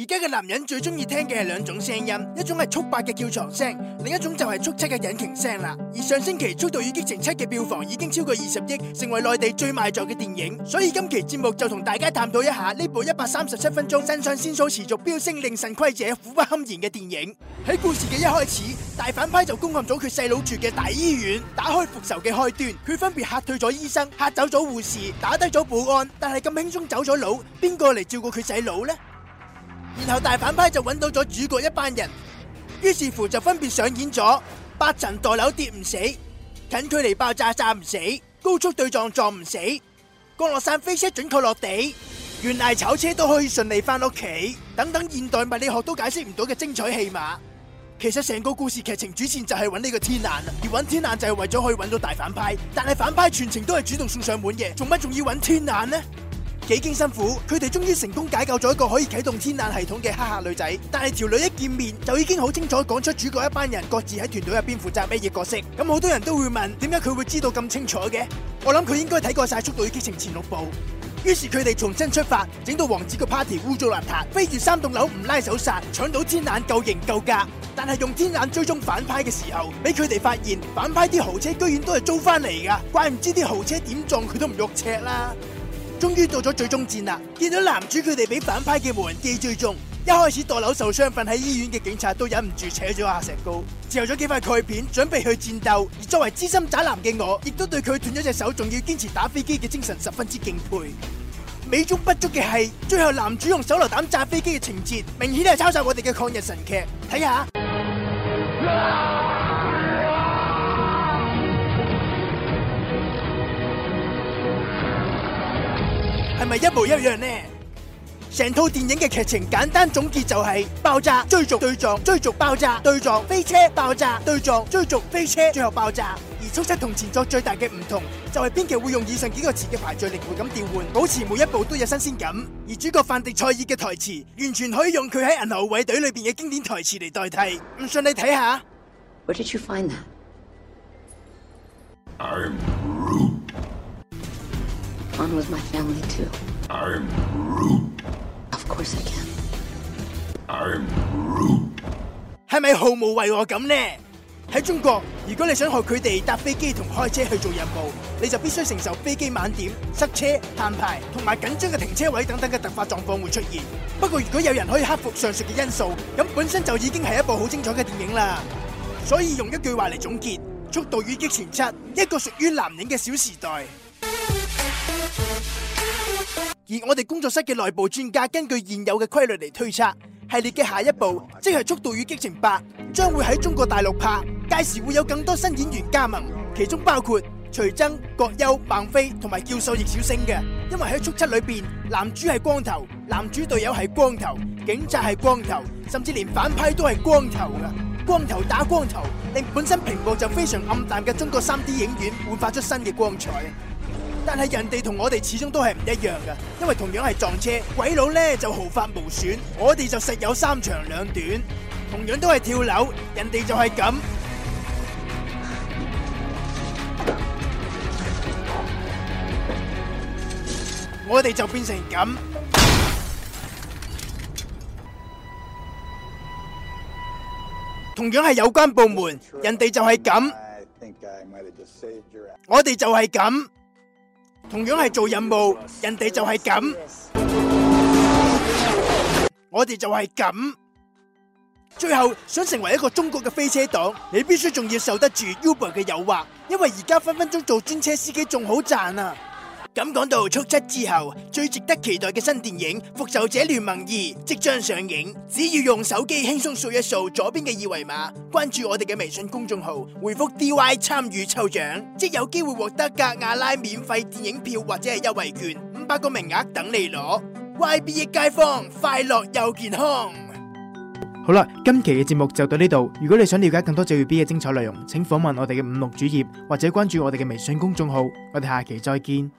而家嘅男人最中意聽嘅係兩種聲音，一種係速八嘅叫床聲，另一種就係速七嘅引擎聲啦。而上星期《速度與激情七》嘅票房已經超過二十億，成為內地最賣座嘅電影。所以今期節目就同大家探討一下呢部一百三十七分鐘、腎上腺素持續飆升、令腎虧者苦不堪言嘅電影。喺故事嘅一開始，大反派就攻陷咗佢細佬住嘅大醫院，打開復仇嘅開端。佢分別嚇退咗醫生、嚇走咗護士、打低咗保安，但係咁輕鬆走咗佬，邊個嚟照顧佢細佬呢？然後大反派就揾到咗主角一班人，於是乎就分別上演咗八層大樓跌唔死、近距離爆炸炸唔死、高速對撞撞唔死、降落傘飛車準確落地、懸崖炒車都可以順利翻屋企等等現代物理學都解釋唔到嘅精彩戲碼。其實成個故事劇情主線就係揾呢個天眼，而揾天眼就係為咗可以揾到大反派，但係反派全程都係主動送上門嘅，做乜仲要揾天眼呢？幾經辛苦，佢哋終於成功解救咗一個可以啟動天眼系統嘅黑客女仔。但係條女一見面就已經好清楚講出主角一班人各自喺團隊入邊負責咩嘢角色。咁、嗯、好多人都會問，點解佢會知道咁清楚嘅？我諗佢應該睇過晒《速度與激情》前六部。於是佢哋重新出發，整到王子個 party 污糟邋遢，飛住三棟樓唔拉手剎，搶到天眼夠型夠格。但係用天眼追蹤反派嘅時候，俾佢哋發現反派啲豪車居然都係租翻嚟噶。怪唔知啲豪車點撞佢都唔肉赤啦。終於到咗最終戰啦！見到男主佢哋俾反派嘅無人機追蹤，一開始墮樓受傷瞓喺醫院嘅警察都忍唔住扯咗下石膏，嚼咗幾塊鈣片，準備去戰鬥。而作為資深宅男嘅我，亦都對佢斷咗隻手仲要堅持打飛機嘅精神十分之敬佩。美中不足嘅係，最後男主用手榴彈炸飛機嘅情節，明顯係抄襲我哋嘅抗日神劇。睇下。啊咪一模一樣呢？成套電影嘅劇情簡單總結就係爆炸、追逐、對撞、追逐、爆炸、對撞、飛車、爆炸、對撞、追逐、飛車、最後爆炸。而《速七》同前作最大嘅唔同就係編劇會用以上幾個詞嘅排序靈活咁調換，保持每一部都有新鮮感。而主角范迪塞爾嘅台詞，完全可以用佢喺《銀河護衛隊》裏邊嘅經典台詞嚟代替。唔信你睇下。What did you find？係咪毫無違和感呢？喺中國，如果你想學佢哋搭飛機同開車去做任務，你就必須承受飛機晚點、塞車、限牌同埋緊張嘅停車位等等嘅突發狀況會出現。不過，如果有人可以克服上述嘅因素，咁本身就已經係一部好精彩嘅電影啦。所以用一句話嚟總結：速度與激情七，一個屬於男人嘅小時代。而我哋工作室嘅內部專家根據現有嘅規律嚟推測，系列嘅下一步即係《速度與激情八》將會喺中國大陸拍，屆時會有更多新演員加盟，其中包括徐崢、葛優、孟非同埋叫獸易小星嘅。因為喺速七裏邊，男主係光頭，男主隊友係光頭，警察係光頭，甚至連反派都係光頭啊！光頭打光頭，令本身屏幕就非常暗淡嘅中國三 D 影院煥發出新嘅光彩。但係人哋同我哋始終都係唔一樣嘅，因為同樣係撞車，鬼佬呢就毫髮無損，我哋就實有三長兩短。同樣都係跳樓，人哋就係咁，我哋就變成咁。同樣係有關部門，人哋就係咁，我哋就係咁。同樣係做任務，人哋就係咁，yes, yes. 我哋就係咁。最後想成為一個中國嘅飛車黨，你必須仲要受得住 Uber 嘅誘惑，因為而家分分鐘做專車司機仲好賺啊！咁講到《速七》之後最值得期待嘅新電影《復仇者聯盟二》即將上映，只要用手機輕鬆掃一掃左邊嘅二維碼，關注我哋嘅微信公眾號，回覆 DY 參與抽獎，即有機會獲得格瓦拉免費電影票或者係優惠券，五百個名額等你攞。Y B 億街坊快樂又健康。好啦，今期嘅節目就到呢度。如果你想了解更多《最耀 B》嘅精彩內容，請訪問我哋嘅五六主頁或者關注我哋嘅微信公眾號。我哋下期再見。